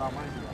Allahu Akbar.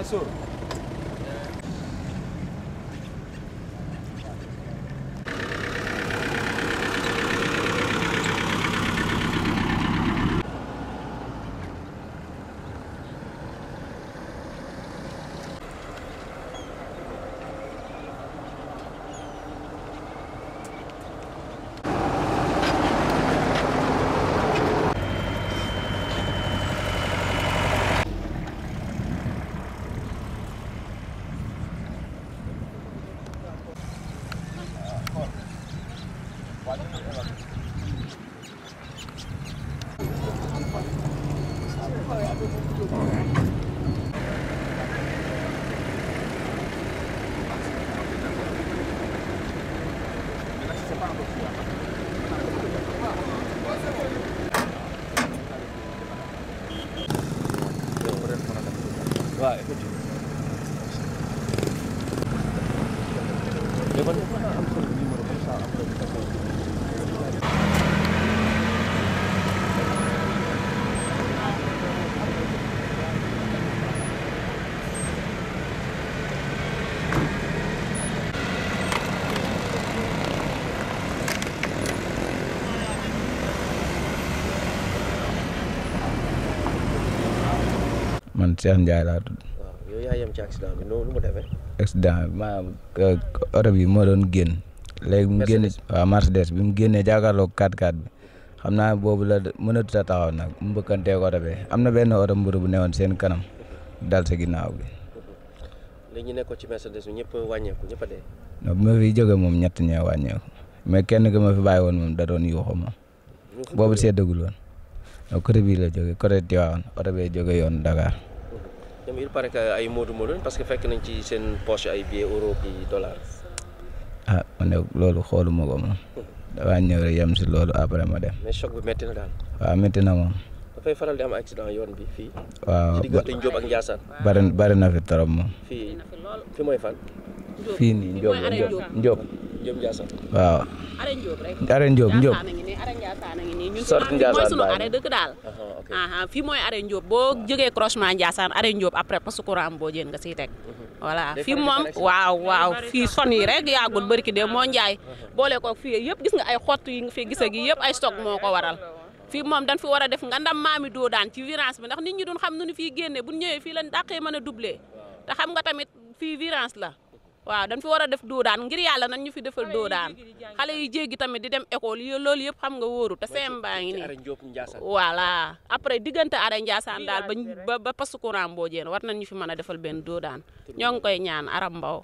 Mansour Vai, é contigo. Levanta. Cheikh Ndiaye laa tudd. waaw yow yaa yem ci accident bi noonu mu defee. Euh, doon génn. léegi mu génn waaw Mercedes bi mu génnee jàkkaarloog 4x4 xam naa boobu la mënatut a taxaw nag mu bëkkanteeg oto bi am na benn oto mburu bu newoon seen kanam dal sa ginnaaw bi. Mm-hmm. li ñu nekkoon ci Mercedes bi ñëpp wàññeeku ñëpp a moom ñett ñee wàññeeku mais kenn ki ma fi bàyyi woon moom da doon yuuxu moom boobu seddagul woon côté bii la jógee côté Tivaouane oto bee yoon Dakar. dem il paraît que ay moodu moodu parce que fekk nañ ci seen poche ay billets euro bi dollar. ah ma ne loolu xoolu ko moom. Hmm. ñëw rek yem si loolu après ma dem. mais choc bi métti na waaw métti na moom. dafay faral di am accident yoon bi fii. waaw ci diggante Ndiob ak Ndiassane. bari bari na fi trop moom. fii fi mooy fan. fii nii Ndiob Ndiob Ndiob. Ndiob waaw. Are Ndiob Ndiob. Ndiassane a ngi nii ñun mooy sunu arrêt dëkk daal uh-huh, aa fii mooy arrêt Ndiob boo jógee croisement Ndiassane arrêt Ndiob après parce courant boo nga siy teg uh-huh. voilà moom waaw waaw fii son yi rek yàggul bari ki de moo njaay uh-huh. boole ko fii yëpp gis nga ay xot yi nga fi gis gi yëpp ay stock moo ko waral fii moom dañ fi war a def nga ndam maami doo daan ci virance bi ndax nit ñi duñ xam nu ñu fii génne buñ ñëwee fii lañ dàqee mën a doublé te xam nga tamit fii virance la waaw dañ fi war a def doodaan ngir yàlla nan ñu fi defal doodaan xale yi jéggi tamit di dem école yi loolu yëpp xam nga wooru te seen baa ngi nii voilà après diggante Ara Ndiassane daal ba ba pasu courant boo jeen war nañ ñu fi mën a defal benn doodaan ñoo ngi koy ñaan Aram Mbow